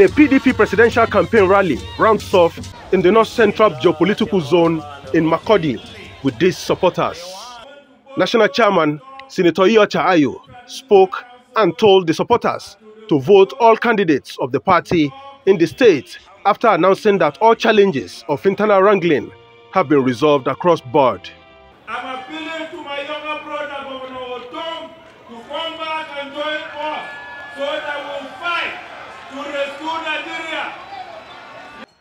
The PDP presidential campaign rally rounds off in the north central geopolitical zone in Makodi with these supporters. National Chairman Senator Iocha Ayo spoke and told the supporters to vote all candidates of the party in the state after announcing that all challenges of internal wrangling have been resolved across board. I'm appealing to my younger brother, Governor to come back and join us so that we'll fight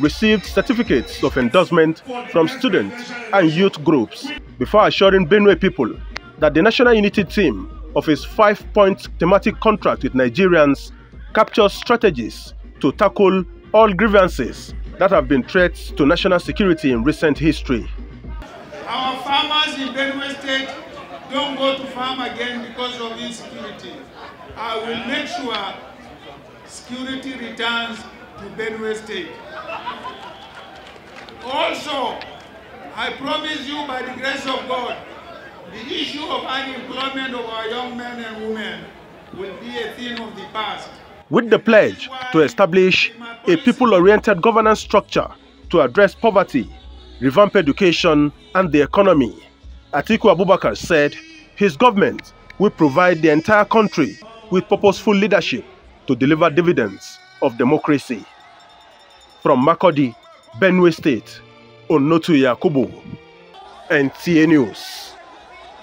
received certificates of endorsement from students and youth groups before assuring Benue people that the national unity team of his five-point thematic contract with Nigerians captures strategies to tackle all grievances that have been threats to national security in recent history. Our farmers in Benue State don't go to farm again because of insecurity. I will make sure security returns to Benue State. Also, I promise you by the grace of God, the issue of unemployment of our young men and women will be a thing of the past. With the pledge to establish a people-oriented governance structure to address poverty, revamp education and the economy, Atiku Abubakar said his government will provide the entire country with purposeful leadership to deliver dividends of democracy. From Makodi, Benue State, Onotu Yakubu, and News.